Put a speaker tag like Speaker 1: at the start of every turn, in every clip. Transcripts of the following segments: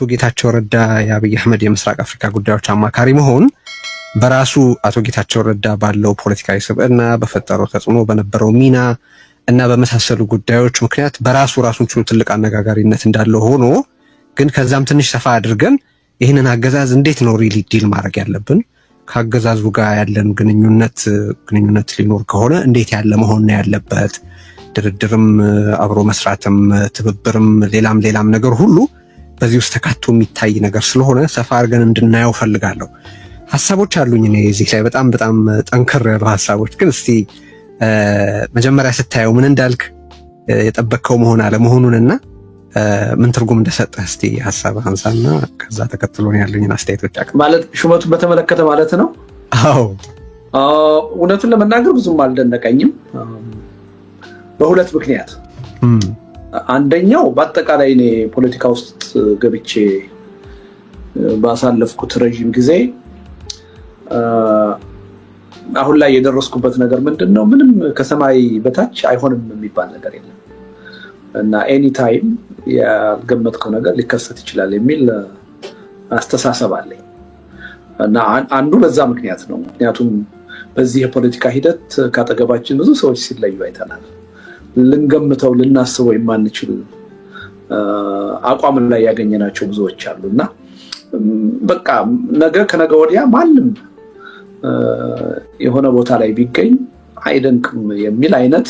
Speaker 1: አቶ ጌታቸው ረዳ የአብይ አህመድ የምስራቅ አፍሪካ ጉዳዮች አማካሪ መሆን በራሱ አቶ ጌታቸው ረዳ ባለው ፖለቲካዊ ስብዕና በፈጠረው ተጽዕኖ በነበረው ሚና እና በመሳሰሉ ጉዳዮች ምክንያት በራሱ ራሱን ችሎ ትልቅ አነጋጋሪነት እንዳለው ሆኖ ግን ከዛም ትንሽ ሰፋ አድርገን ይህንን አገዛዝ እንዴት ነው ሪሊ ዲል ማድረግ ያለብን፣ ከአገዛዙ ጋር ያለን ግንኙነት ግንኙነት ሊኖር ከሆነ እንዴት ያለ መሆን ነው ያለበት፣ ድርድርም፣ አብሮ መስራትም፣ ትብብርም ሌላም ሌላም ነገር ሁሉ በዚህ ውስጥ ተካቶ የሚታይ ነገር ስለሆነ ሰፋ አድርገን እንድናየው ፈልጋለሁ። ሀሳቦች አሉኝ እኔ እዚህ ላይ በጣም በጣም ጠንከር ያሉ ሀሳቦች። ግን እስቲ መጀመሪያ ስታየው ምን እንዳልክ የጠበቅከው መሆን አለመሆኑንና ምን ትርጉም እንደሰጠ እስቲ ሀሳብ አንሳና ከዛ ተከትሎ ያሉኝን አስተያየቶች
Speaker 2: ማለት ሹመቱን በተመለከተ ማለት ነው። አዎ እውነቱን ለመናገር ብዙም አልደነቀኝም በሁለት ምክንያት አንደኛው በአጠቃላይ እኔ ፖለቲካ ውስጥ ገብቼ ባሳለፍኩት ረዥም ጊዜ አሁን ላይ የደረስኩበት ነገር ምንድን ነው? ምንም ከሰማይ በታች አይሆንም የሚባል ነገር የለም እና ኤኒታይም ያልገመጥከው ነገር ሊከሰት ይችላል የሚል አስተሳሰብ አለኝ እና አንዱ በዛ ምክንያት ነው። ምክንያቱም በዚህ የፖለቲካ ሂደት ከአጠገባችን ብዙ ሰዎች ሲለዩ አይተናል። ልንገምተው ልናስበው የማንችል አቋም ላይ ያገኘናቸው ብዙዎች አሉ እና በቃ ነገ ከነገ ወዲያ ማንም የሆነ ቦታ ላይ ቢገኝ አይደንቅም የሚል አይነት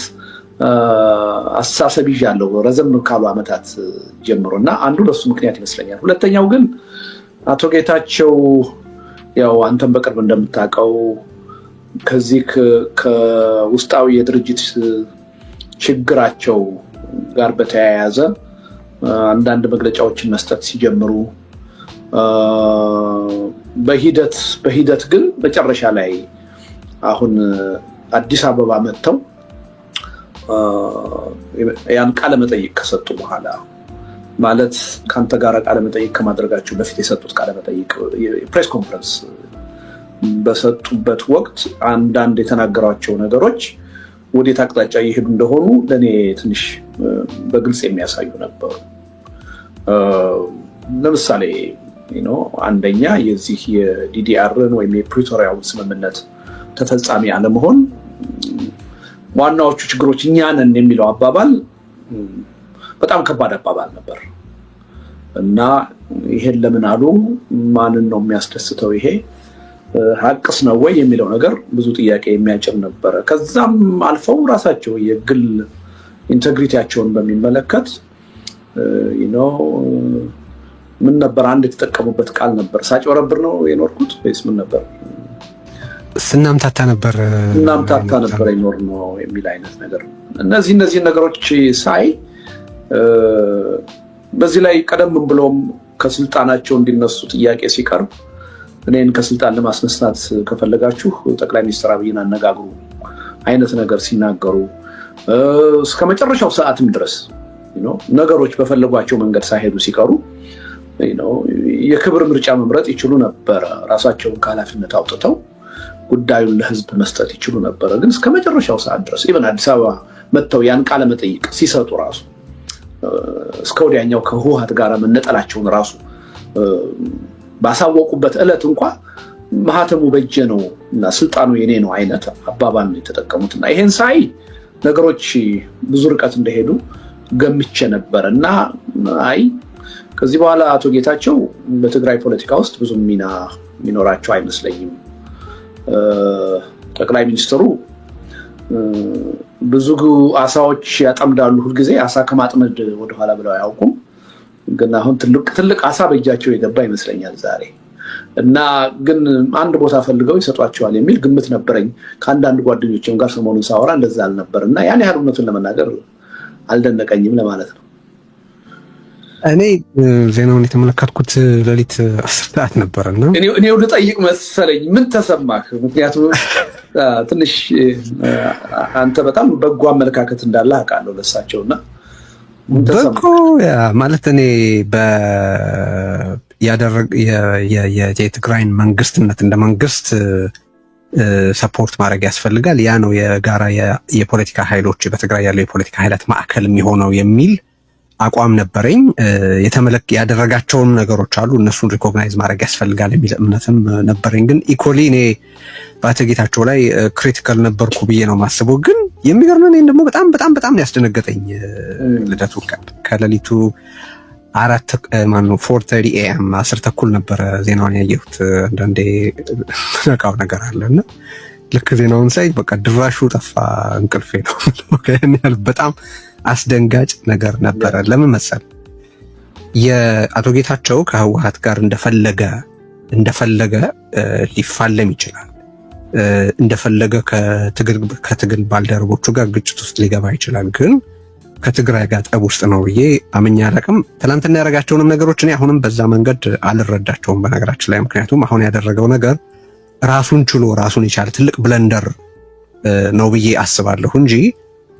Speaker 2: አስተሳሰብ ይዣለሁ ረዘም ካሉ ዓመታት ጀምሮ እና አንዱ ለሱ ምክንያት ይመስለኛል። ሁለተኛው ግን አቶ ጌታቸው ያው አንተም በቅርብ እንደምታውቀው ከዚህ ከውስጣዊ የድርጅት ችግራቸው ጋር በተያያዘ አንዳንድ መግለጫዎችን መስጠት ሲጀምሩ በሂደት በሂደት ግን መጨረሻ ላይ አሁን አዲስ አበባ መጥተው ያን ቃለመጠይቅ ከሰጡ በኋላ ማለት ከአንተ ጋር ቃለመጠይቅ ከማድረጋቸው በፊት የሰጡት ቃለመጠይቅ ፕሬስ ኮንፈረንስ በሰጡበት ወቅት አንዳንድ የተናገሯቸው ነገሮች ወዴት አቅጣጫ እየሄዱ እንደሆኑ ለእኔ ትንሽ በግልጽ የሚያሳዩ ነበሩ። ለምሳሌ አንደኛ የዚህ የዲዲአርን ወይም የፕሪቶሪያውን ስምምነት ተፈጻሚ አለመሆን ዋናዎቹ ችግሮች እኛ ነን የሚለው አባባል በጣም ከባድ አባባል ነበር እና ይሄን ለምን አሉ? ማንን ነው የሚያስደስተው ይሄ ሀቅስ ነው ወይ የሚለው ነገር ብዙ ጥያቄ የሚያጭር ነበረ። ከዛም አልፈው ራሳቸው የግል ኢንቴግሪቲያቸውን በሚመለከት ምን ነበር አንድ የተጠቀሙበት ቃል ነበር፣ ሳጭበረብር ነው የኖርኩት ወይስ ምን ነበር?
Speaker 1: ስናምታታ ነበር
Speaker 2: ስናምታታ ነበር ይኖር ነው የሚል አይነት ነገር። እነዚህ እነዚህ ነገሮች ሳይ በዚህ ላይ ቀደም ብሎም ከስልጣናቸው እንዲነሱ ጥያቄ ሲቀርብ እኔን ከስልጣን ለማስነሳት ከፈለጋችሁ ጠቅላይ ሚኒስትር አብይን አነጋግሩ አይነት ነገር ሲናገሩ እስከ መጨረሻው ሰዓትም ድረስ ነገሮች በፈለጓቸው መንገድ ሳይሄዱ ሲቀሩ የክብር ምርጫ መምረጥ ይችሉ ነበረ። ራሳቸውን ከኃላፊነት አውጥተው ጉዳዩን ለሕዝብ መስጠት ይችሉ ነበረ። ግን እስከ መጨረሻው ሰዓት ድረስ ኢቨን አዲስ አበባ መጥተው ያን ቃለ መጠይቅ ሲሰጡ ራሱ እስከ ወዲያኛው ከህወሓት ጋር መነጠላቸውን ራሱ ባሳወቁበት እለት እንኳ ማህተሙ በጀ ነው እና ስልጣኑ የኔ ነው አይነት አባባል ነው የተጠቀሙት። እና ይሄን ሳይ ነገሮች ብዙ ርቀት እንደሄዱ ገምቼ ነበር እና አይ ከዚህ በኋላ አቶ ጌታቸው በትግራይ ፖለቲካ ውስጥ ብዙ ሚና የሚኖራቸው አይመስለኝም። ጠቅላይ ሚኒስትሩ ብዙ አሳዎች ያጠምዳሉ። ሁልጊዜ አሳ ከማጥመድ ወደኋላ ብለው አያውቁም። ግን አሁን ትልቅ ትልቅ ሀሳብ እጃቸው የገባ ይመስለኛል ዛሬ እና ግን አንድ ቦታ ፈልገው ይሰጧቸዋል የሚል ግምት ነበረኝ። ከአንዳንድ ጓደኞችም ጋር ሰሞኑን ሳወራ እንደዛ አልነበር እና ያን ያህል እውነቱን ለመናገር አልደነቀኝም ለማለት ነው።
Speaker 1: እኔ ዜናውን የተመለከትኩት ሌሊት አስር ሰዓት ነበረ እና
Speaker 2: እኔው ልጠይቅ መሰለኝ ምን ተሰማህ? ምክንያቱም ትንሽ አንተ በጣም በጎ አመለካከት እንዳለ አውቃለሁ ለሳቸውና
Speaker 1: በጎ ማለት እኔ የትግራይን መንግስትነት እንደ መንግስት ሰፖርት ማድረግ ያስፈልጋል። ያ ነው የጋራ የፖለቲካ ኃይሎች በትግራይ ያለው የፖለቲካ ኃይላት ማዕከል የሚሆነው የሚል አቋም ነበረኝ። የተመለክ ያደረጋቸውን ነገሮች አሉ እነሱን ሪኮግናይዝ ማድረግ ያስፈልጋል የሚል እምነትም ነበረኝ። ግን ኢኮሊ እኔ በአቶ ጌታቸው ላይ ክሪቲካል ነበርኩ ብዬ ነው የማስበው። ግን የሚገርመን ይህን ደግሞ በጣም በጣም በጣም ያስደነገጠኝ ልደቱ ቀን ከሌሊቱ አራት ማነው ፎር ተርቲ ኤም አስር ተኩል ነበረ ዜናውን ያየሁት። አንዳንዴ ነቃው ነገር አለ እና ልክ ዜናውን ሳይ በቃ ድራሹ ጠፋ እንቅልፌ ነው በጣም አስደንጋጭ ነገር ነበረ። ለምን መሰል የአቶ ጌታቸው ከህወሀት ጋር እንደፈለገ እንደፈለገ ሊፋለም ይችላል። እንደፈለገ ከትግል ባልደረቦቹ ጋር ግጭት ውስጥ ሊገባ ይችላል። ግን ከትግራይ ጋር ጠብ ውስጥ ነው ብዬ አምኜ አላቅም። ትናንትና ያደረጋቸውንም ነገሮች እኔ አሁንም በዛ መንገድ አልረዳቸውም፣ በነገራችን ላይ ምክንያቱም አሁን ያደረገው ነገር ራሱን ችሎ ራሱን የቻለ ትልቅ ብለንደር ነው ብዬ አስባለሁ እንጂ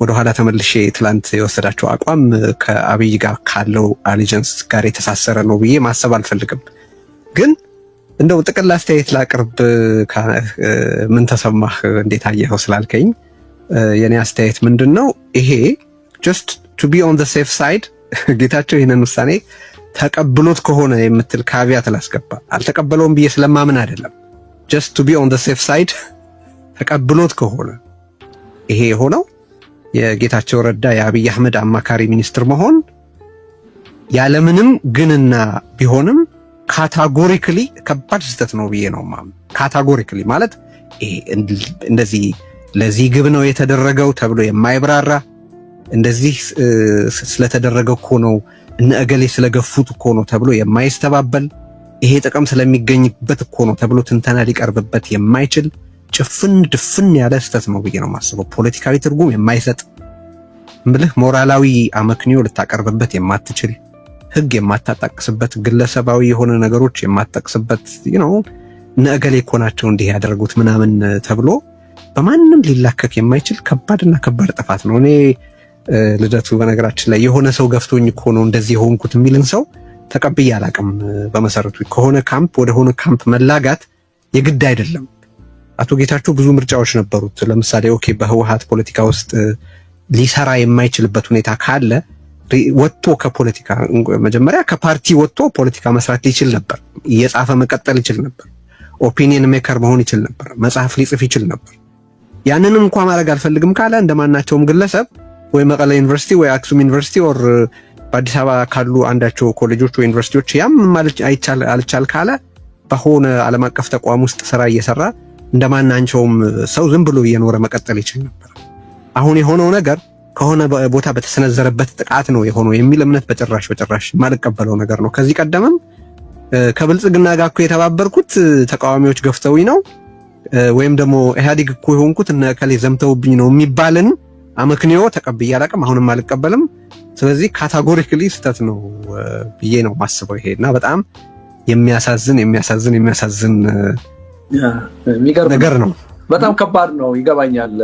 Speaker 1: ወደኋላ ተመልሼ ትላንት የወሰዳቸው አቋም ከአብይ ጋር ካለው አሊጀንስ ጋር የተሳሰረ ነው ብዬ ማሰብ አልፈልግም። ግን እንደው ጥቅል አስተያየት ላቅርብ። ምን ተሰማህ እንዴት አየኸው ስላልከኝ የኔ አስተያየት ምንድን ነው ይሄ ጀስት ቱ ቢ ኦን ዘ ሴፍ ሳይድ ጌታቸው ይህንን ውሳኔ ተቀብሎት ከሆነ የምትል ካቢያት ላስገባ። አልተቀበለውም ብዬ ስለማምን አይደለም። ጀስት ቱ ቢ ኦን ዘ ሴፍ ሳይድ ተቀብሎት ከሆነ ይሄ የሆነው የጌታቸው ረዳ የአብይ አህመድ አማካሪ ሚኒስትር መሆን ያለምንም ግንና ቢሆንም ካታጎሪክሊ ከባድ ስህተት ነው ብዬ ነው ማም ካታጎሪክሊ ማለት እንደዚህ ለዚህ ግብ ነው የተደረገው ተብሎ የማይብራራ እንደዚህ ስለተደረገ እኮ ነው እነ እገሌ ስለገፉት እኮ ነው ተብሎ የማይስተባበል ይሄ ጥቅም ስለሚገኝበት እኮ ነው ተብሎ ትንተና ሊቀርብበት የማይችል ጭፍን ድፍን ያለ ስህተት ነው ብዬ ነው የማስበው። ፖለቲካዊ ትርጉም የማይሰጥ ምልህ ሞራላዊ አመክንዮ ልታቀርብበት የማትችል ህግ የማታጣቅስበት ግለሰባዊ የሆነ ነገሮች የማትጠቅስበት ነው። ነገሌ እኮ ናቸው እንዲህ ያደረጉት ምናምን ተብሎ በማንም ሊላከክ የማይችል ከባድና ከባድ ጥፋት ነው። እኔ ልደቱ በነገራችን ላይ የሆነ ሰው ገፍቶኝ እኮ ነው እንደዚህ የሆንኩት የሚልን ሰው ተቀብዬ አላቅም። በመሰረቱ ከሆነ ካምፕ ወደ ሆነ ካምፕ መላጋት የግድ አይደለም። አቶ ጌታቸው ብዙ ምርጫዎች ነበሩት። ለምሳሌ ኦኬ በህወሀት ፖለቲካ ውስጥ ሊሰራ የማይችልበት ሁኔታ ካለ ወጥቶ ከፖለቲካ መጀመሪያ ከፓርቲ ወጥቶ ፖለቲካ መስራት ይችል ነበር። እየጻፈ መቀጠል ይችል ነበር። ኦፒኒየን ሜከር መሆን ይችል ነበር። መጽሐፍ ሊጽፍ ይችል ነበር። ያንንም እንኳ ማድረግ አልፈልግም ካለ እንደማናቸውም ግለሰብ ወይ መቀለ ዩኒቨርሲቲ ወይ አክሱም ዩኒቨርሲቲ ኦር በአዲስ አበባ ካሉ አንዳቸው ኮሌጆች ወይ ዩኒቨርሲቲዎች ያም አልቻል ካለ በሆነ ዓለም አቀፍ ተቋም ውስጥ ስራ እየሰራ እንደማናንቸውም ሰው ዝም ብሎ እየኖረ መቀጠል ይችል ነበር። አሁን የሆነው ነገር ከሆነ ቦታ በተሰነዘረበት ጥቃት ነው የሆነው የሚል እምነት በጭራሽ በጭራሽ የማልቀበለው ነገር ነው። ከዚህ ቀደምም ከብልጽግና ጋር እኮ የተባበርኩት ተቃዋሚዎች ገፍተውኝ ነው ወይም ደግሞ ኢህአዴግ እኮ የሆንኩት እነ እከሌ ዘምተውብኝ ነው የሚባልን አመክንዮ ተቀብዬ አላቅም፣ አሁንም አልቀበልም። ስለዚህ ካታጎሪክሊ ስህተት ነው ብዬ ነው ማስበው። ይሄ እና በጣም የሚያሳዝን የሚያሳዝን የሚያሳዝን ነገር ነው።
Speaker 2: በጣም ከባድ ነው። ይገባኛል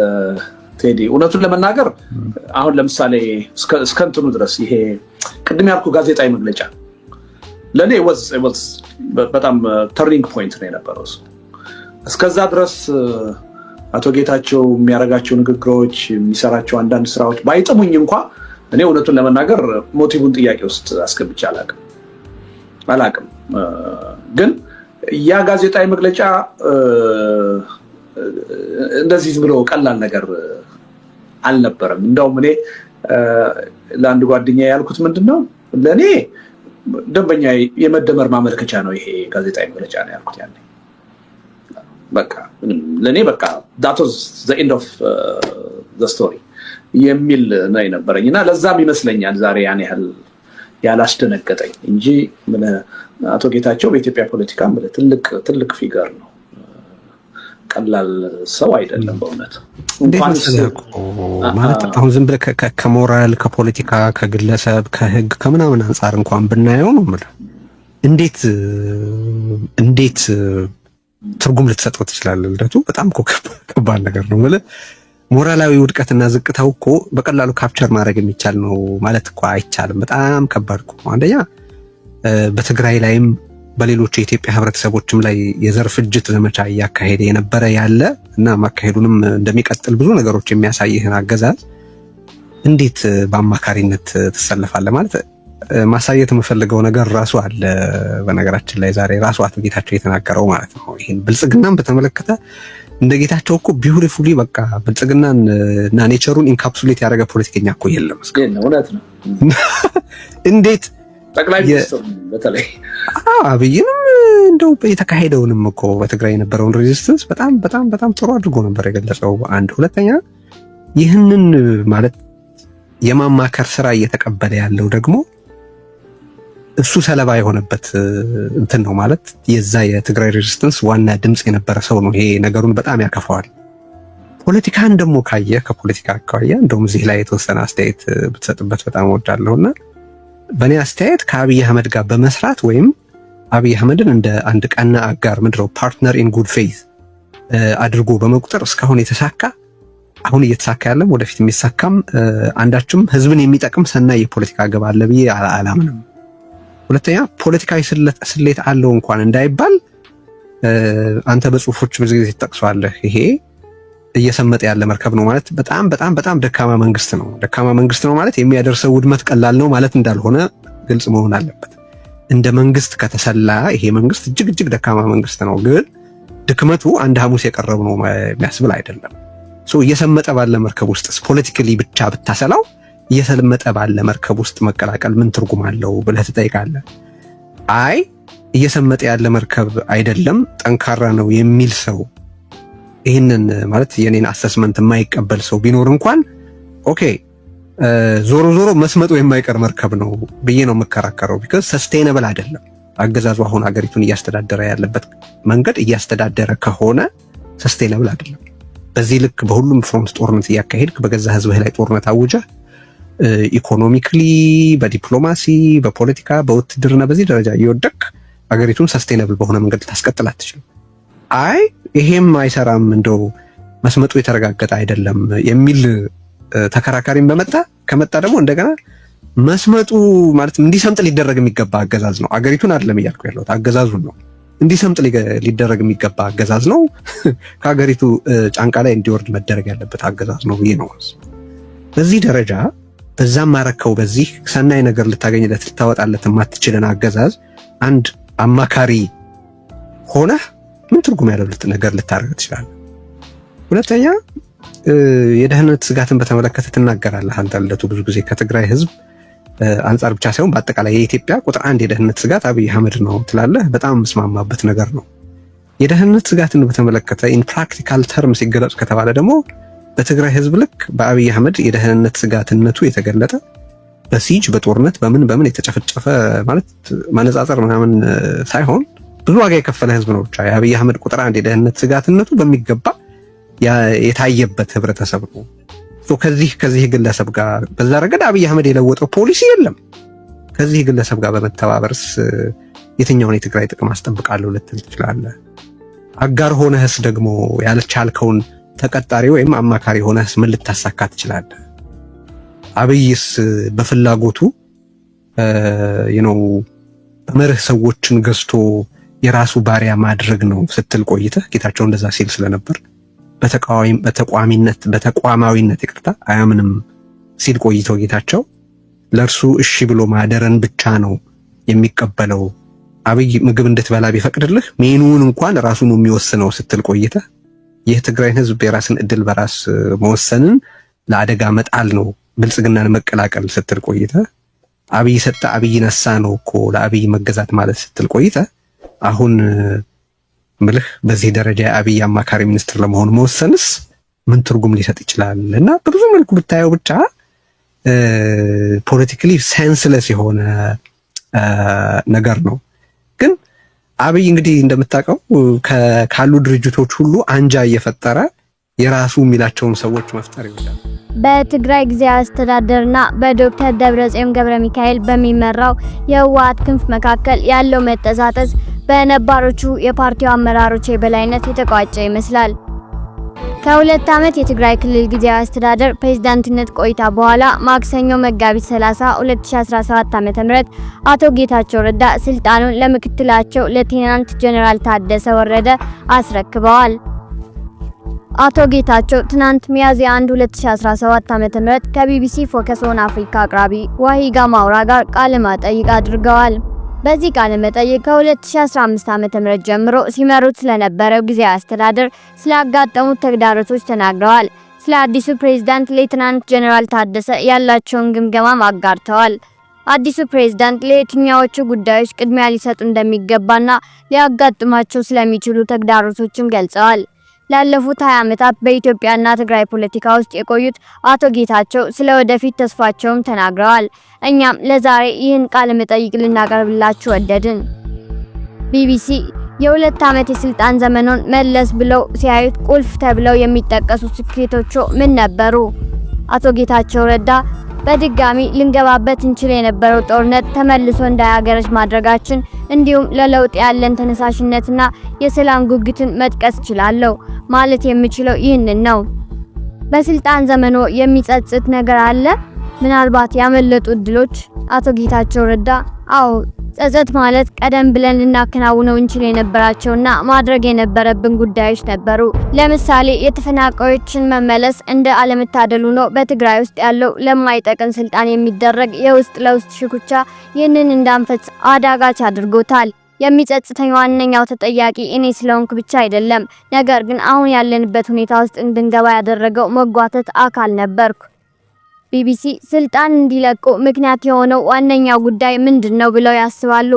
Speaker 2: ቴዲ። እውነቱን ለመናገር አሁን ለምሳሌ እስከንትኑ ድረስ ይሄ ቅድም ያልኩ ጋዜጣዊ መግለጫ ለእኔ በጣም ተርኒንግ ፖይንት ነው የነበረው። እስከዛ ድረስ አቶ ጌታቸው የሚያደርጋቸው ንግግሮች፣ የሚሰራቸው አንዳንድ ስራዎች ባይጥሙኝ እንኳ እኔ እውነቱን ለመናገር ሞቲቡን ጥያቄ ውስጥ አስገብቼ አላቅም አላቅም ግን ያ ጋዜጣዊ መግለጫ እንደዚህ ዝም ብሎ ቀላል ነገር አልነበረም። እንደውም እኔ ለአንድ ጓደኛ ያልኩት ምንድን ነው ለእኔ ደንበኛ የመደመር ማመልከቻ ነው ይሄ ጋዜጣዊ መግለጫ ነው ያልኩት። ያ በቃ ለእኔ በቃ ዳት ዋዝ ዘ ኤንድ ኦፍ ዘ ስቶሪ የሚል ነው የነበረኝ እና ለዛም ይመስለኛል ዛሬ ያን ያህል ያላስደነገጠኝ እንጂ አቶ ጌታቸው በኢትዮጵያ ፖለቲካ ትልቅ ትልቅ ፊገር ነው። ቀላል ሰው አይደለም። በእውነት
Speaker 1: ማለት አሁን ዝም ብለህ ከሞራል ከፖለቲካ ከግለሰብ ከህግ ከምናምን አንጻር እንኳን ብናየው ነው የምልህ እንዴት እንዴት ትርጉም ልትሰጠው ትችላለህ? ልደቱ በጣም እኮ ከባድ ነገር ነው የምልህ ሞራላዊ ውድቀትና ዝቅታው እኮ በቀላሉ ካፕቸር ማድረግ የሚቻል ነው ማለት እኮ አይቻልም። በጣም ከባድ እኮ አንደኛ በትግራይ ላይም በሌሎች የኢትዮጵያ ህብረተሰቦችም ላይ የዘር ፍጅት ዘመቻ እያካሄደ የነበረ ያለ እና ማካሄዱንም እንደሚቀጥል ብዙ ነገሮች የሚያሳይህን አገዛዝ እንዴት በአማካሪነት ትሰለፋለህ? ማለት ማሳየት የምፈልገው ነገር ራሱ አለ። በነገራችን ላይ ዛሬ ራሱ አቶ ጌታቸው የተናገረው ማለት ነው። ይህን ብልጽግናን በተመለከተ እንደ ጌታቸው እኮ ቢዩቲፉሊ በቃ ብልጽግናን እና ኔቸሩን ኢንካፕሱሌት ያደረገ ፖለቲከኛ እኮ የለም። እውነት ነው። እንዴት
Speaker 2: ጠቅላይ ሚኒስትሩ በተለይ
Speaker 1: አብይንም እንደው የተካሄደውንም እኮ በትግራይ የነበረውን ሬዚስተንስ በጣም በጣም በጣም ጥሩ አድርጎ ነበር የገለጸው። አንድ ሁለተኛ ይህንን ማለት የማማከር ስራ እየተቀበለ ያለው ደግሞ እሱ ሰለባ የሆነበት እንትን ነው ማለት የዛ የትግራይ ሬዚስተንስ ዋና ድምፅ የነበረ ሰው ነው። ይሄ ነገሩን በጣም ያከፋዋል። ፖለቲካን ደግሞ ካየ ከፖለቲካ አካባቢ እንደውም እዚህ ላይ የተወሰነ አስተያየት ብትሰጥበት በጣም እወዳለሁና በእኔ አስተያየት ከአብይ አህመድ ጋር በመስራት ወይም አብይ አህመድን እንደ አንድ ቀና አጋር ምድረው ፓርትነር ኢን ጉድ ፌይዝ አድርጎ በመቁጠር እስካሁን የተሳካ አሁን እየተሳካ ያለም ወደፊት የሚሳካም አንዳችም ህዝብን የሚጠቅም ሰናይ የፖለቲካ ገባ አለ ብዬ አላምንም። ሁለተኛ ፖለቲካዊ ስሌት አለው እንኳን እንዳይባል አንተ በጽሁፎች ብዙ ጊዜ ትጠቅሰዋለህ ይሄ እየሰመጠ ያለ መርከብ ነው ማለት በጣም በጣም በጣም ደካማ መንግስት ነው። ደካማ መንግስት ነው ማለት የሚያደርሰው ውድመት ቀላል ነው ማለት እንዳልሆነ ግልጽ መሆን አለበት። እንደ መንግስት ከተሰላ ይሄ መንግስት እጅግ እጅግ ደካማ መንግስት ነው። ግን ድክመቱ አንድ ሐሙስ የቀረብ ነው የሚያስብል አይደለም። እየሰመጠ ባለ መርከብ ውስጥ ፖለቲካሊ ብቻ ብታሰላው እየሰመጠ ባለ መርከብ ውስጥ መቀላቀል ምን ትርጉም አለው ብለህ ትጠይቃለህ። አይ እየሰመጠ ያለ መርከብ አይደለም ጠንካራ ነው የሚል ሰው ይህንን ማለት የኔን አሰስመንት የማይቀበል ሰው ቢኖር እንኳን ኦኬ ዞሮ ዞሮ መስመጡ የማይቀር መርከብ ነው ብዬ ነው የምከራከረው። ቢካዝ ሰስቴይነብል አይደለም አገዛዙ አሁን ሀገሪቱን እያስተዳደረ ያለበት መንገድ እያስተዳደረ ከሆነ ሰስቴይነብል አይደለም። በዚህ ልክ በሁሉም ፍሮንት ጦርነት እያካሄድክ በገዛ ህዝብህ ላይ ጦርነት አውጀህ ኢኮኖሚክሊ፣ በዲፕሎማሲ፣ በፖለቲካ፣ በውትድርና በዚህ ደረጃ እየወደቅ ሀገሪቱን ሰስቴይነብል በሆነ መንገድ ልታስቀጥል አትችልም። አይ ይሄም አይሰራም እንደው መስመጡ የተረጋገጠ አይደለም የሚል ተከራካሪም በመጣ ከመጣ ደግሞ እንደገና መስመጡ ማለት እንዲሰምጥ ሊደረግ የሚገባ አገዛዝ ነው። አገሪቱን አይደለም እያልኩ ያለሁት አገዛዙን ነው። እንዲሰምጥ ሊደረግ የሚገባ አገዛዝ ነው። ከሀገሪቱ ጫንቃ ላይ እንዲወርድ መደረግ ያለበት አገዛዝ ነው ብዬ ነው። በዚህ ደረጃ በዛም ማረከው በዚህ ሰናይ ነገር ልታገኝለት ልታወጣለት የማትችልን አገዛዝ አንድ አማካሪ ሆነህ ምን ትርጉም ያለው ነገር ልታደርግ ትችላለህ። ሁለተኛ የደህንነት ስጋትን በተመለከተ ትናገራለህ። አንተ ልደቱ ብዙ ጊዜ ከትግራይ ህዝብ አንጻር ብቻ ሳይሆን በአጠቃላይ የኢትዮጵያ ቁጥር አንድ የደህንነት ስጋት አብይ አህመድ ነው ትላለህ። በጣም የምስማማበት ነገር ነው። የደህንነት ስጋትን በተመለከተ ኢን ፕራክቲካል ተርም ሲገለጽ ከተባለ ደግሞ በትግራይ ህዝብ ልክ በአብይ አህመድ የደህንነት ስጋትነቱ የተገለጠ በሲጅ በጦርነት በምን በምን የተጨፈጨፈ ማለት ማነጻጸር ምናምን ሳይሆን ብዙ ዋጋ የከፈለ ህዝብ ነው። ብቻ የአብይ አህመድ ቁጥር አንድ የደህንነት ስጋትነቱ በሚገባ የታየበት ህብረተሰብ ነው። ከዚህ ከዚህ ግለሰብ ጋር በዛ ረገድ አብይ አህመድ የለወጠው ፖሊሲ የለም። ከዚህ ግለሰብ ጋር በመተባበርስ የትኛውን የትግራይ ጥቅም አስጠብቃለሁ ልትል ትችላለህ? አጋር ሆነህስ ደግሞ ያልቻልከውን ተቀጣሪ ወይም አማካሪ ሆነህስ ምን ልታሳካ ትችላለህ? አብይስ በፍላጎቱ ነው በመርህ ሰዎችን ገዝቶ የራሱ ባሪያ ማድረግ ነው ስትል ቆይተ ጌታቸው እንደዛ ሲል ስለነበር በተቋሚነት በተቋማዊነት ይቅርታ አያምንም ሲል ቆይተው ጌታቸው ለእርሱ እሺ ብሎ ማደረን ብቻ ነው የሚቀበለው። አብይ ምግብ እንድትበላ ቢፈቅድልህ ሜኑን እንኳን ራሱ ነው የሚወስነው ስትል ቆይተ ይህ ትግራይን ህዝብ የራስን እድል በራስ መወሰንን ለአደጋ መጣል ነው ብልጽግናን መቀላቀል ስትል ቆይተ አብይ ሰጠ አብይ ነሳ ነው እኮ ለአብይ መገዛት ማለት ስትል ቆይተ አሁን ምልህ በዚህ ደረጃ የአብይ አማካሪ ሚኒስትር ለመሆን መወሰንስ ምን ትርጉም ሊሰጥ ይችላል? እና በብዙ መልኩ ብታየው ብቻ ፖለቲካሊ ሴንስለስ የሆነ ነገር ነው። ግን አብይ እንግዲህ እንደምታውቀው ካሉ ድርጅቶች ሁሉ አንጃ እየፈጠረ የራሱ የሚላቸውን ሰዎች መፍጠር ይወዳል።
Speaker 3: በትግራይ ጊዜያዊ አስተዳደርና በዶክተር ደብረጽዮን ገብረ ሚካኤል በሚመራው የህወሓት ክንፍ መካከል ያለው መጠሳጠስ በነባሮቹ የፓርቲው አመራሮች የበላይነት የተቋጨ ይመስላል። ከሁለት ዓመት የትግራይ ክልል ጊዜያዊ አስተዳደር ፕሬዝዳንትነት ቆይታ በኋላ ማክሰኞ መጋቢት 30 2017 ዓ.ም አቶ ጌታቸው ረዳ ስልጣኑን ለምክትላቸው ሌተናንት ጀኔራል ታደሰ ወረደ አስረክበዋል። አቶ ጌታቸው ትናንት ሚያዝያ 1 2017 ዓ.ም ከቢቢሲ ፎከስ ኦን አፍሪካ አቅራቢ ዋሂጋ ማውራ ጋር ቃለ መጠይቅ አድርገዋል። በዚህ ቃለ መጠይቅ ከ2015 ዓ.ም ጀምሮ ሲመሩት ስለነበረው ጊዜያዊ አስተዳደር ስላጋጠሙት ተግዳሮቶች ተናግረዋል። ስለ አዲሱ ፕሬዝዳንት ሌትናንት ጀኔራል ታደሰ ያላቸውን ግምገማም አጋርተዋል። አዲሱ ፕሬዝዳንት ለየትኛዎቹ ጉዳዮች ቅድሚያ ሊሰጡ እንደሚገባና ሊያጋጥማቸው ስለሚችሉ ተግዳሮቶችም ገልጸዋል። ላለፉት 20 ዓመታት በኢትዮጵያና ትግራይ ፖለቲካ ውስጥ የቆዩት አቶ ጌታቸው ስለ ወደፊት ተስፋቸውም ተናግረዋል። እኛም ለዛሬ ይህን ቃለ መጠይቅ ልናቀርብላችሁ ወደድን። ቢቢሲ የሁለት ዓመት የስልጣን ዘመኖን መለስ ብለው ሲያዩት ቁልፍ ተብለው የሚጠቀሱ ስኬቶቹ ምን ነበሩ? አቶ ጌታቸው ረዳ በድጋሚ ልንገባበት እንችል የነበረው ጦርነት ተመልሶ እንዳያገረሽ ማድረጋችን እንዲሁም ለለውጥ ያለን ተነሳሽነትና የሰላም ጉጉትን መጥቀስ እችላለሁ። ማለት የምችለው ይህንን ነው። በስልጣን ዘመኖ የሚጸጽት ነገር አለ? ምናልባት ያመለጡ እድሎች አቶ ጌታቸው ረዳ አዎ ጸጸት ማለት ቀደም ብለን ልናከናውነው እንችል የነበራቸውና ማድረግ የነበረብን ጉዳዮች ነበሩ። ለምሳሌ የተፈናቃዮችን መመለስ እንደ አለመታደሉ ነው። በትግራይ ውስጥ ያለው ለማይጠቅም ስልጣን የሚደረግ የውስጥ ለውስጥ ሽኩቻ ይህንን እንዳንፈጽ አዳጋች አድርጎታል። የሚጸጽተኝ ዋነኛው ተጠያቂ እኔ ስለሆንኩ ብቻ አይደለም፣ ነገር ግን አሁን ያለንበት ሁኔታ ውስጥ እንድንገባ ያደረገው መጓተት አካል ነበርኩ። ቢቢሲ ስልጣን እንዲለቁ ምክንያት የሆነው ዋነኛው ጉዳይ ምንድን ነው ብለው ያስባሉ?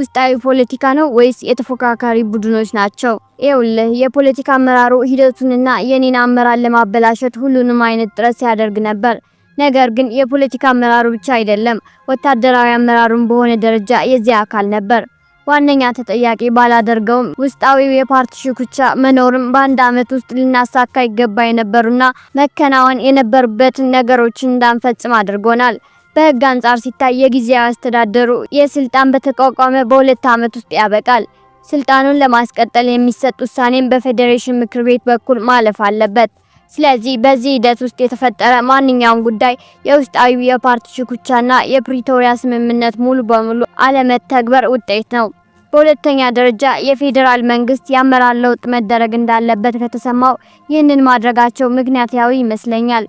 Speaker 3: ውስጣዊ ፖለቲካ ነው ወይስ የተፎካካሪ ቡድኖች ናቸው? ይኸውልህ የፖለቲካ አመራሩ ሂደቱንና የኔን አመራር ለማበላሸት ሁሉንም አይነት ጥረት ሲያደርግ ነበር። ነገር ግን የፖለቲካ አመራሩ ብቻ አይደለም፣ ወታደራዊ አመራሩም በሆነ ደረጃ የዚያ አካል ነበር። ዋነኛ ተጠያቂ ባላደርገውም ውስጣዊው የፓርቲ ሽኩቻ መኖርም በአንድ ዓመት ውስጥ ልናሳካ ይገባ የነበሩና መከናወን የነበሩበትን ነገሮችን እንዳንፈጽም አድርጎናል። በህግ አንጻር ሲታይ የጊዜያዊ አስተዳደሩ የስልጣን በተቋቋመ በሁለት ዓመት ውስጥ ያበቃል። ስልጣኑን ለማስቀጠል የሚሰጥ ውሳኔም በፌዴሬሽን ምክር ቤት በኩል ማለፍ አለበት። ስለዚህ በዚህ ሂደት ውስጥ የተፈጠረ ማንኛውም ጉዳይ የውስጣዊ የፓርቲ ሽኩቻና የፕሪቶሪያ ስምምነት ሙሉ በሙሉ አለመተግበር ውጤት ነው። በሁለተኛ ደረጃ የፌዴራል መንግስት የአመራር ለውጥ መደረግ እንዳለበት ከተሰማው ይህንን ማድረጋቸው ምክንያታዊ ይመስለኛል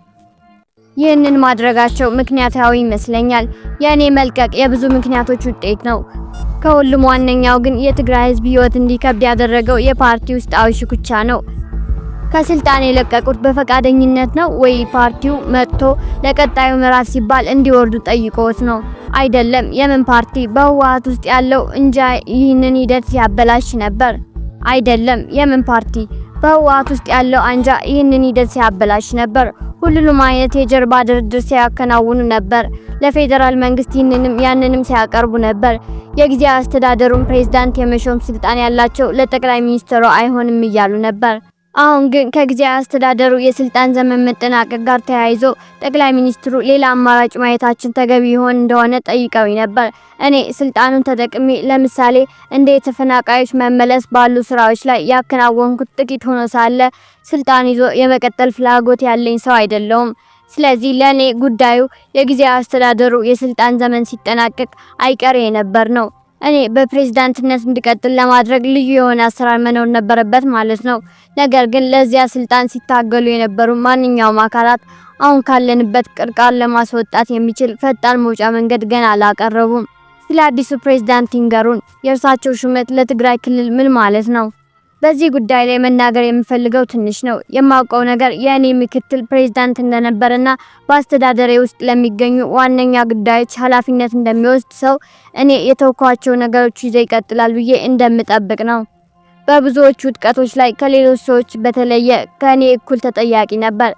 Speaker 3: ይህንን ማድረጋቸው ምክንያታዊ ይመስለኛል። የእኔ መልቀቅ የብዙ ምክንያቶች ውጤት ነው። ከሁሉም ዋነኛው ግን የትግራይ ህዝብ ህይወት እንዲከብድ ያደረገው የፓርቲ ውስጣዊ ሽኩቻ ነው። ከስልጣን የለቀቁት በፈቃደኝነት ነው ወይ ፓርቲው መጥቶ ለቀጣዩ ምዕራፍ ሲባል እንዲወርዱ ጠይቆት ነው? አይደለም። የምን ፓርቲ በህወሓት ውስጥ ያለው እንጃ ይህንን ሂደት ሲያበላሽ ነበር። አይደለም። የምን ፓርቲ በህወሓት ውስጥ ያለው አንጃ ይህንን ሂደት ሲያበላሽ ነበር። ሁሉንም አይነት የጀርባ ድርድር ሲያከናውኑ ነበር። ለፌዴራል መንግስት ይህንንም ያንንም ሲያቀርቡ ነበር። የጊዜያዊ አስተዳደሩን ፕሬዝዳንት የመሾም ስልጣን ያላቸው ለጠቅላይ ሚኒስትሩ አይሆንም እያሉ ነበር። አሁን ግን ከጊዜያዊ አስተዳደሩ የስልጣን ዘመን መጠናቀቅ ጋር ተያይዞ ጠቅላይ ሚኒስትሩ ሌላ አማራጭ ማየታችን ተገቢ ይሆን እንደሆነ ጠይቀው ነበር። እኔ ስልጣኑን ተጠቅሜ ለምሳሌ እንደ የተፈናቃዮች መመለስ ባሉ ስራዎች ላይ ያከናወንኩት ጥቂት ሆኖ ሳለ ስልጣን ይዞ የመቀጠል ፍላጎት ያለኝ ሰው አይደለውም። ስለዚህ ለእኔ ጉዳዩ የጊዜያዊ አስተዳደሩ የስልጣን ዘመን ሲጠናቀቅ አይቀሬ ነበር ነው። እኔ በፕሬዝዳንትነት እንድቀጥል ለማድረግ ልዩ የሆነ አሰራር መኖር ነበረበት ማለት ነው። ነገር ግን ለዚያ ስልጣን ሲታገሉ የነበሩ ማንኛውም አካላት አሁን ካለንበት ቅርቃር ለማስወጣት የሚችል ፈጣን መውጫ መንገድ ገና አላቀረቡም። ስለ አዲሱ ፕሬዝዳንት ይንገሩን። የእርሳቸው ሹመት ለትግራይ ክልል ምን ማለት ነው? በዚህ ጉዳይ ላይ መናገር የምፈልገው ትንሽ ነው። የማውቀው ነገር የእኔ ምክትል ፕሬዝዳንት እንደነበርና በአስተዳደሬ ውስጥ ለሚገኙ ዋነኛ ጉዳዮች ኃላፊነት እንደሚወስድ ሰው እኔ የተውኳቸው ነገሮች ይዘ ይቀጥላል ብዬ እንደምጠብቅ ነው። በብዙዎቹ ውድቀቶች ላይ ከሌሎች ሰዎች በተለየ ከእኔ እኩል ተጠያቂ ነበር።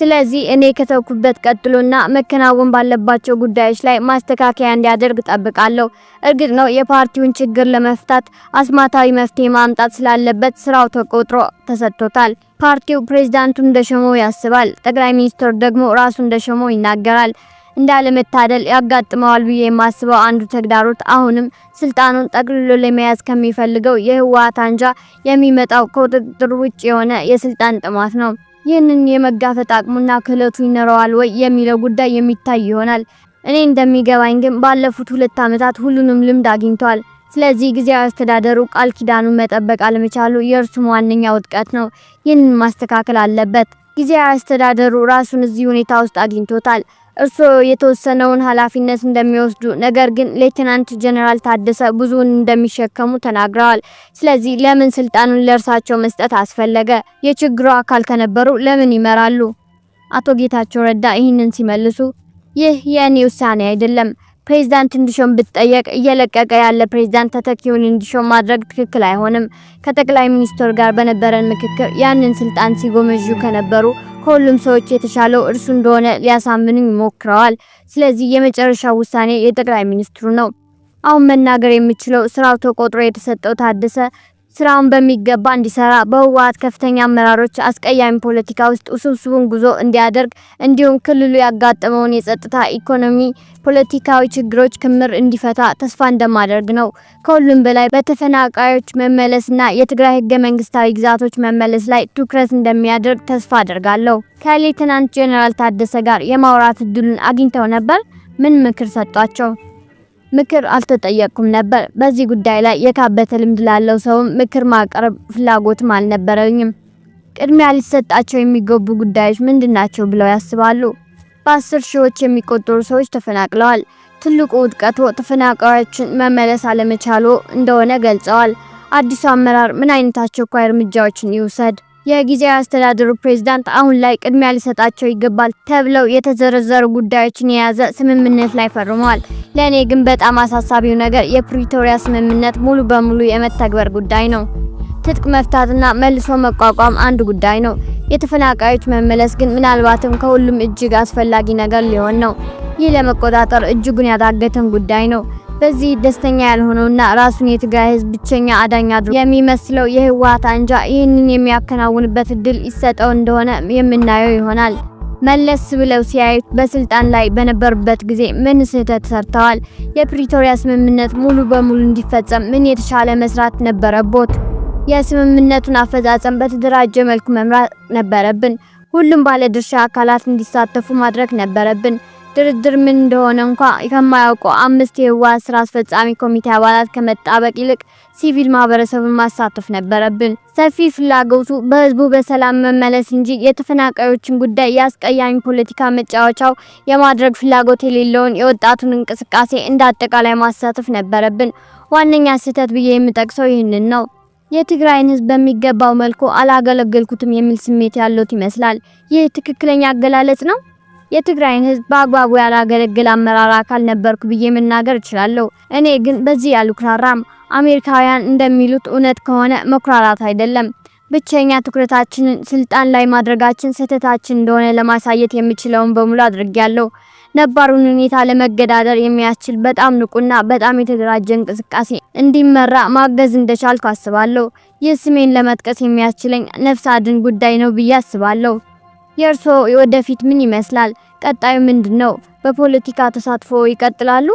Speaker 3: ስለዚህ እኔ ከተውኩበት ቀጥሎና መከናወን ባለባቸው ጉዳዮች ላይ ማስተካከያ እንዲያደርግ ጠብቃለሁ። እርግጥ ነው የፓርቲውን ችግር ለመፍታት አስማታዊ መፍትሄ ማምጣት ስላለበት ስራው ተቆጥሮ ተሰጥቶታል። ፓርቲው ፕሬዚዳንቱን እንደሸመው ያስባል፣ ጠቅላይ ሚኒስትሩ ደግሞ ራሱ እንደሸመው ይናገራል። እንዳለመታደል ያጋጥመዋል ብዬ የማስበው አንዱ ተግዳሮት አሁንም ስልጣኑን ጠቅልሎ ለመያዝ ከሚፈልገው የህወሓት አንጃ የሚመጣው ከቁጥጥር ውጭ የሆነ የስልጣን ጥማት ነው። ይህንን የመጋፈጥ አቅሙና ክህለቱ ይኖረዋል ወይ የሚለው ጉዳይ የሚታይ ይሆናል። እኔ እንደሚገባኝ ግን ባለፉት ሁለት ዓመታት ሁሉንም ልምድ አግኝቷል። ስለዚህ ጊዜያዊ አስተዳደሩ ቃል ኪዳኑን መጠበቅ አለመቻሉ የእርሱም ዋነኛ ውድቀት ነው። ይህንን ማስተካከል አለበት። ጊዜያዊ አስተዳደሩ ራሱን እዚህ ሁኔታ ውስጥ አግኝቶታል። እርስዎ የተወሰነውን ኃላፊነት እንደሚወስዱ ነገር ግን ሌተናንት ጀነራል ታደሰ ብዙውን እንደሚሸከሙ ተናግረዋል። ስለዚህ ለምን ስልጣኑን ለእርሳቸው መስጠት አስፈለገ? የችግሩ አካል ከነበሩ ለምን ይመራሉ? አቶ ጌታቸው ረዳ ይህንን ሲመልሱ ይህ የእኔ ውሳኔ አይደለም። ፕሬዝዳንት እንዲሾም ብትጠየቅ እየለቀቀ ያለ ፕሬዝዳንት ተተኪውን እንዲሾም ማድረግ ትክክል አይሆንም። ከጠቅላይ ሚኒስትር ጋር በነበረን ምክክር ያንን ስልጣን ሲጎመዡ ከነበሩ ከሁሉም ሰዎች የተሻለው እርሱ እንደሆነ ሊያሳምኑኝ ሞክረዋል። ስለዚህ የመጨረሻ ውሳኔ የጠቅላይ ሚኒስትሩ ነው። አሁን መናገር የምችለው ስራው ተቆጥሮ የተሰጠው ታደሰ ስራውን በሚገባ እንዲሰራ በህወሀት ከፍተኛ አመራሮች አስቀያሚ ፖለቲካ ውስጥ ውስብስቡን ጉዞ እንዲያደርግ እንዲሁም ክልሉ ያጋጠመውን የጸጥታ፣ ኢኮኖሚ፣ ፖለቲካዊ ችግሮች ክምር እንዲፈታ ተስፋ እንደማደርግ ነው። ከሁሉም በላይ በተፈናቃዮች መመለስና የትግራይ ህገ መንግስታዊ ግዛቶች መመለስ ላይ ትኩረት እንደሚያደርግ ተስፋ አደርጋለሁ። ከሌትናንት ጄኔራል ታደሰ ጋር የማውራት እድሉን አግኝተው ነበር። ምን ምክር ሰጧቸው? ምክር አልተጠየቅኩም ነበር። በዚህ ጉዳይ ላይ የካበተ ልምድ ላለው ሰው ምክር ማቅረብ ፍላጎትም አልነበረኝም። ቅድሚያ ሊሰጣቸው የሚገቡ ጉዳዮች ምንድን ናቸው ብለው ያስባሉ? በአስር ሺዎች የሚቆጠሩ ሰዎች ተፈናቅለዋል። ትልቁ ውድቀቶ ተፈናቃዮችን መመለስ አለመቻሉ እንደሆነ ገልጸዋል። አዲሱ አመራር ምን አይነት አስቸኳይ እርምጃዎችን ይውሰድ? የጊዜያዊ አስተዳደሩ ፕሬዝዳንት አሁን ላይ ቅድሚያ ሊሰጣቸው ይገባል ተብለው የተዘረዘሩ ጉዳዮችን የያዘ ስምምነት ላይ ፈርመዋል። ለእኔ ግን በጣም አሳሳቢው ነገር የፕሪቶሪያ ስምምነት ሙሉ በሙሉ የመተግበር ጉዳይ ነው። ትጥቅ መፍታትና መልሶ መቋቋም አንድ ጉዳይ ነው። የተፈናቃዮች መመለስ ግን ምናልባትም ከሁሉም እጅግ አስፈላጊ ነገር ሊሆን ነው። ይህ ለመቆጣጠር እጅጉን ያዳገተን ጉዳይ ነው። በዚህ ደስተኛ ያልሆነውና ራሱን የትግራይ ህዝብ ብቸኛ አዳኝ አድርጎ የሚመስለው የህወሓት አንጃ ይህንን የሚያከናውንበት እድል ይሰጠው እንደሆነ የምናየው ይሆናል። መለስ ብለው ሲያዩት በስልጣን ላይ በነበሩበት ጊዜ ምን ስህተት ሰርተዋል? የፕሪቶሪያ ስምምነት ሙሉ በሙሉ እንዲፈጸም ምን የተሻለ መስራት ነበረቦት? የስምምነቱን አፈጻጸም በተደራጀ መልኩ መምራት ነበረብን። ሁሉም ባለድርሻ አካላት እንዲሳተፉ ማድረግ ነበረብን። ድርድር ምን እንደሆነ እንኳ ከማያውቁ አምስት የህወሓት ስራ አስፈጻሚ ኮሚቴ አባላት ከመጣበቅ ይልቅ ሲቪል ማህበረሰብን ማሳተፍ ነበረብን። ሰፊ ፍላጎቱ በህዝቡ በሰላም መመለስ እንጂ የተፈናቃዮችን ጉዳይ የአስቀያሚ ፖለቲካ መጫወቻው የማድረግ ፍላጎት የሌለውን የወጣቱን እንቅስቃሴ እንደ አጠቃላይ ማሳተፍ ነበረብን። ዋነኛ ስህተት ብዬ የምጠቅሰው ይህንን ነው። የትግራይን ህዝብ በሚገባው መልኩ አላገለገልኩትም የሚል ስሜት ያለዎት ይመስላል። ይህ ትክክለኛ አገላለጽ ነው? የትግራይን ህዝብ በአግባቡ ያላገለግል አመራር አካል ነበርኩ ብዬ መናገር እችላለሁ። እኔ ግን በዚህ ያልኩራራም። አሜሪካውያን እንደሚሉት እውነት ከሆነ መኩራራት አይደለም፣ ብቸኛ ትኩረታችንን ስልጣን ላይ ማድረጋችን ስህተታችን እንደሆነ ለማሳየት የሚችለውን በሙሉ አድርጌያለሁ። ነባሩን ሁኔታ ለመገዳደር የሚያስችል በጣም ንቁና በጣም የተደራጀ እንቅስቃሴ እንዲመራ ማገዝ እንደቻልኩ አስባለሁ። ይህ ስሜን ለመጥቀስ የሚያስችለኝ ነፍስ አድን ጉዳይ ነው ብዬ አስባለሁ። የእርስዎ ወደፊት ምን ይመስላል? ቀጣዩ ምንድን ነው? በፖለቲካ ተሳትፎ ይቀጥላሉ?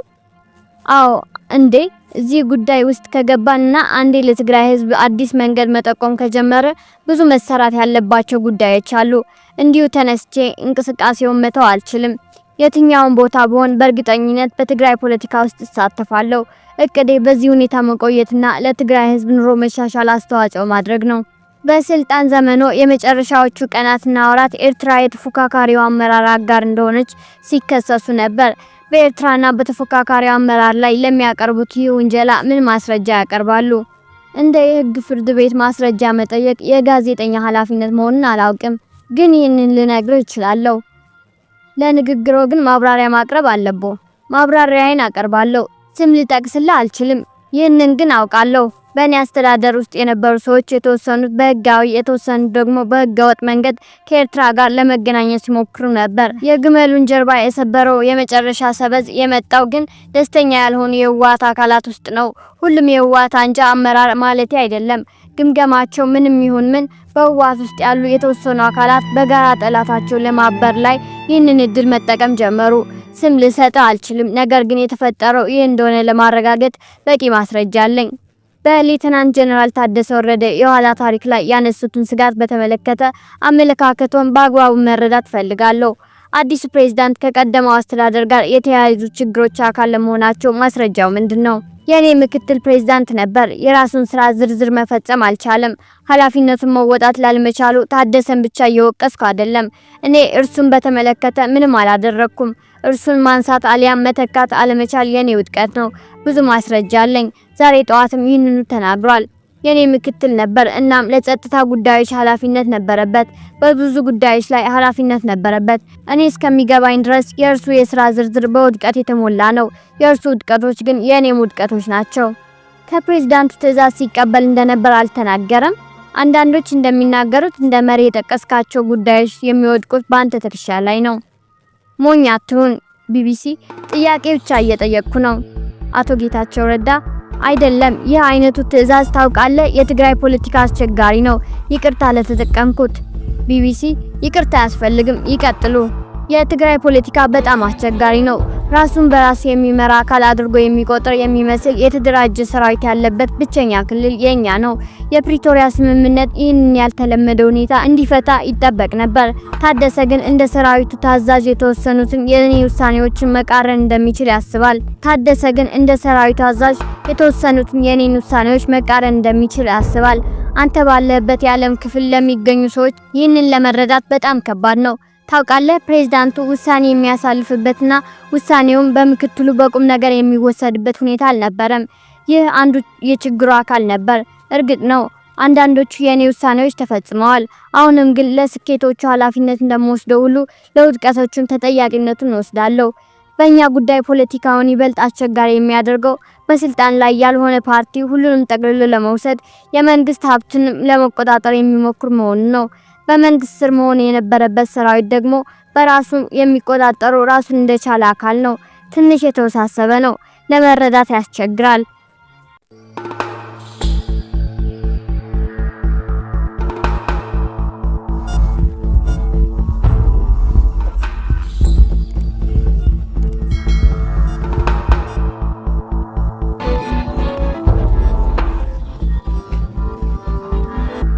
Speaker 3: አዎ እንዴ እዚህ ጉዳይ ውስጥ ከገባንና አንዴ ለትግራይ ህዝብ አዲስ መንገድ መጠቆም ከጀመረ ብዙ መሰራት ያለባቸው ጉዳዮች አሉ። እንዲሁ ተነስቼ እንቅስቃሴውን መተው አልችልም። የትኛውን ቦታ ብሆን በእርግጠኝነት በትግራይ ፖለቲካ ውስጥ እሳተፋለሁ። እቅዴ በዚህ ሁኔታ መቆየትና ለትግራይ ህዝብ ኑሮ መሻሻል አስተዋጽኦ ማድረግ ነው። በስልጣን ዘመኖ የመጨረሻዎቹ ቀናትና ወራት ኤርትራ የተፎካካሪው አመራር አጋር እንደሆነች ሲከሰሱ ነበር። በኤርትራና በተፎካካሪው አመራር ላይ ለሚያቀርቡት ይህ ውንጀላ ምን ማስረጃ ያቀርባሉ? እንደ የህግ ፍርድ ቤት ማስረጃ መጠየቅ የጋዜጠኛ ኃላፊነት መሆኑን አላውቅም፣ ግን ይህንን ልነግር እችላለሁ። ለንግግሮ ግን ማብራሪያ ማቅረብ አለቦ። ማብራሪያዬን አቀርባለሁ። ስም ልጠቅስልህ አልችልም። ይህንን ግን አውቃለሁ። በእኔ አስተዳደር ውስጥ የነበሩ ሰዎች የተወሰኑት በህጋዊ የተወሰኑት ደግሞ በህገወጥ መንገድ ከኤርትራ ጋር ለመገናኘት ሲሞክሩ ነበር። የግመሉን ጀርባ የሰበረው የመጨረሻ ሰበዝ የመጣው ግን ደስተኛ ያልሆኑ የህወሓት አካላት ውስጥ ነው። ሁሉም የህወሓት አንጃ አመራር ማለቴ አይደለም። ግምገማቸው ምንም ይሁን ምን በህወሓት ውስጥ ያሉ የተወሰኑ አካላት በጋራ ጠላታቸው ለማበር ላይ ይህንን እድል መጠቀም ጀመሩ። ስም ልሰጥ አልችልም፣ ነገር ግን የተፈጠረው ይህ እንደሆነ ለማረጋገጥ በቂ ማስረጃ አለኝ። በሌተናንት ጀነራል ታደሰ ወረደ የኋላ ታሪክ ላይ ያነሱትን ስጋት በተመለከተ አመለካከቶን በአግባቡ መረዳት ፈልጋለሁ። አዲሱ ፕሬዝዳንት ከቀደመው አስተዳደር ጋር የተያያዙ ችግሮች አካል ለመሆናቸው ማስረጃው ምንድን ነው? የኔ ምክትል ፕሬዝዳንት ነበር። የራሱን ስራ ዝርዝር መፈጸም አልቻለም። ኃላፊነቱን መወጣት ላልመቻሉ ታደሰን ብቻ እየወቀስኩ አይደለም። እኔ እርሱን በተመለከተ ምንም አላደረኩም። እርሱን ማንሳት አሊያም መተካት አለመቻል የኔ ውድቀት ነው። ብዙ ማስረጃ አለኝ። ዛሬ ጠዋትም ይህንኑ ተናግሯል። የኔ ምክትል ነበር። እናም ለጸጥታ ጉዳዮች ኃላፊነት ነበረበት። በብዙ ጉዳዮች ላይ ኃላፊነት ነበረበት። እኔ እስከሚገባኝ ድረስ የእርሱ የስራ ዝርዝር በውድቀት የተሞላ ነው። የእርሱ ውድቀቶች ግን የእኔም ውድቀቶች ናቸው። ከፕሬዝዳንቱ ትእዛዝ ሲቀበል እንደነበር አልተናገረም። አንዳንዶች እንደሚናገሩት እንደ መሪ የጠቀስካቸው ጉዳዮች የሚወድቁት በአንተ ትከሻ ላይ ነው። ሞኝ አትሁን ቢቢሲ፣ ጥያቄ ብቻ እየጠየቅኩ ነው። አቶ ጌታቸው ረዳ አይደለም፣ ይህ አይነቱ ትዕዛዝ ታውቃለ፣ የትግራይ ፖለቲካ አስቸጋሪ ነው። ይቅርታ ለተጠቀምኩት። ቢቢሲ ይቅርታ አያስፈልግም፣ ይቀጥሉ። የትግራይ ፖለቲካ በጣም አስቸጋሪ ነው። ራሱን በራስ የሚመራ አካል አድርጎ የሚቆጥር የሚመስል የተደራጀ ሰራዊት ያለበት ብቸኛ ክልል የኛ ነው። የፕሪቶሪያ ስምምነት ይህንን ያልተለመደ ሁኔታ እንዲፈታ ይጠበቅ ነበር። ታደሰ ግን እንደ ሰራዊቱ ታዛዥ የተወሰኑትን የኔ ውሳኔዎችን መቃረን እንደሚችል ያስባል። ታደሰ ግን እንደ ሰራዊቱ አዛዥ የተወሰኑትን የኔን ውሳኔዎች መቃረን እንደሚችል ያስባል። አንተ ባለበት የዓለም ክፍል ለሚገኙ ሰዎች ይህንን ለመረዳት በጣም ከባድ ነው። ታውቃለህ ፕሬዝዳንቱ ውሳኔ የሚያሳልፍበትና ውሳኔውም በምክትሉ በቁም ነገር የሚወሰድበት ሁኔታ አልነበረም። ይህ አንዱ የችግሩ አካል ነበር። እርግጥ ነው አንዳንዶቹ የእኔ ውሳኔዎች ተፈጽመዋል። አሁንም ግን ለስኬቶቹ ኃላፊነት እንደምወስደው ሁሉ ለውድቀቶቹም ተጠያቂነቱን እወስዳለሁ። በእኛ ጉዳይ ፖለቲካውን ይበልጥ አስቸጋሪ የሚያደርገው በስልጣን ላይ ያልሆነ ፓርቲ ሁሉንም ጠቅልሎ ለመውሰድ የመንግስት ሀብትን ለመቆጣጠር የሚሞክር መሆኑ ነው። በመንግስት ስር መሆን የነበረበት ሰራዊት ደግሞ በራሱ የሚቆጣጠሩ ራሱን እንደቻለ አካል ነው። ትንሽ የተወሳሰበ ነው፣ ለመረዳት ያስቸግራል።